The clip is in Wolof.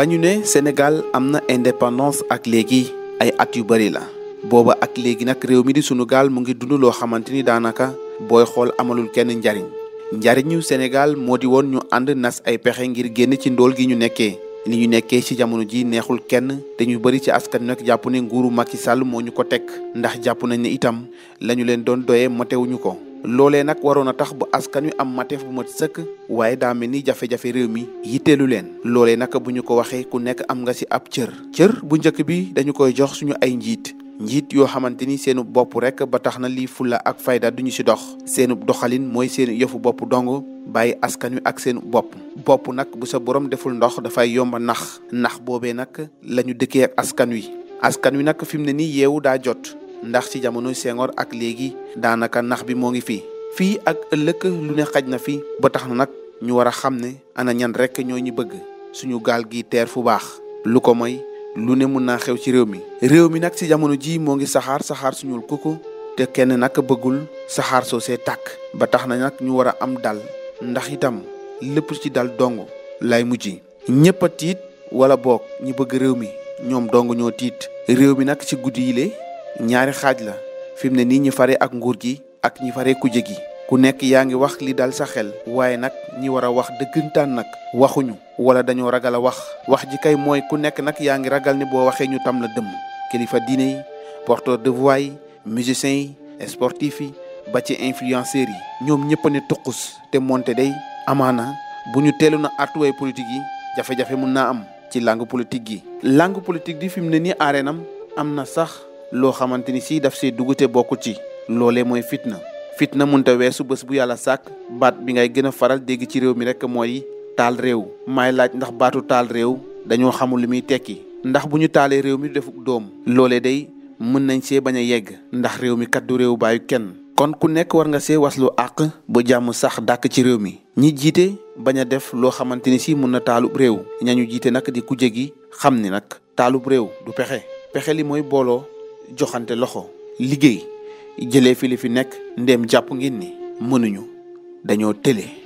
ba ne Sénégal am na indépendance ak léegi ay at yu bëri la booba ak léegi nag réew mi di sunu gaal mu ngi dund loo xamante ni daanaka booy xool amalul kenn njariñ njariñu Sénégal moo di woon ñu ànd nas ay pexe ngir génn ci ndool gi ñu nekkee li ñu nekkee ci jamono ji neexul kenn te ñu bëri ci askan nag jàpp ne nguuru Macky Sall moo ñu ko teg ndax jàpp nañ ni itam la ñu leen doon doyee motewuñu ko loolee nag waroon a tax bu askan wi am mateef bu mat sëkk waaye daa mel ni jafe-jafe réew mi yitteelu leen loolee nag bu ñu ko waxee ku nekk am nga ci ab cër cër bu njëkk bi dañu koy jox suñu ay njiit njiit yoo xamante ni seenu bopp rek ba tax na lii fulla ak fayda duñu ci dox seenu doxalin mooy seenu yëfu bopp dong bàyyi askan wi ak seenu bopp bopp nag bu sa borom deful ndox dafay yomba nax nax boobee nag la ñu dëkkee askan wi askan wi nag fi mu ne nii yeewu daa jot ndax ci jamonoy Senghor ak léegi daanaka nax bi moo ngi fii fii ak ëllëg lu ne xaj na fi ba tax na nag ñu war a xam ne ana ñan rek ñoo ñu bëgg suñu gaal gi teer fu baax lu ko moy lu ne mën naa xew ci réew mi réew mi nag ci jamono ji moo ngi saxaar saxaar suñul kuku te kenn nag bëggul saxaar soosee tàkk ba tax na nag ñu war a am dal ndax itam lépp ci dal dong lay mujj ñëpp a tiit wala boog ñi bëgg réew mi ñoom dong ñoo tiit réew mi nag ci guddi yile ñaari xaaj la fi mu ne nii ñi fare ak nguur gi ak ñi fare kuje gi ku nekk yaa ngi wax li dal sa xel waaye nag ñi war a wax dëggantaan nag waxuñu wala dañoo ragal a wax wax ji kay mooy ku nekk nag yaa ngi ragal ne boo waxee ñu tam la dëmm kilifa diine yi porteur de voix yi musiciens yi sportifs yi ba ci influenceurs yi ñoom ñëpp ne tuqus te moonte day amaana bu ñu teelu na artuwaay politique yi jafe-jafe mun naa am ci langue politique yi langue politique di fi mu ne nii areenam am na sax loo xamante ni si daf see dugute bokku ci loole mooy fitna fitna munta weesu bës bu yàlla sàkk baat bi ngay gën a faral dégg ci réew mi rek mooy taal réew maay laaj ndax baatu taal réew dañoo xamul li muy tekki ndax bu ñu taalee réew mi defu doom loolee day mën nañ see bañ a yegg ndax réew mi kat du réew baayu kenn kon ku nekk war nga see waslu àq ba jàmm sax dàkk ci réew mi ñi jiite bañ a def loo xamante ni si mën na taalub réew ñañu jiite nag di kuje xam ni nag taalub réew joxante loxo liggéey jëlee fi li fi nekk ndéem jàpp ngeen ni mënuñu dañoo tële.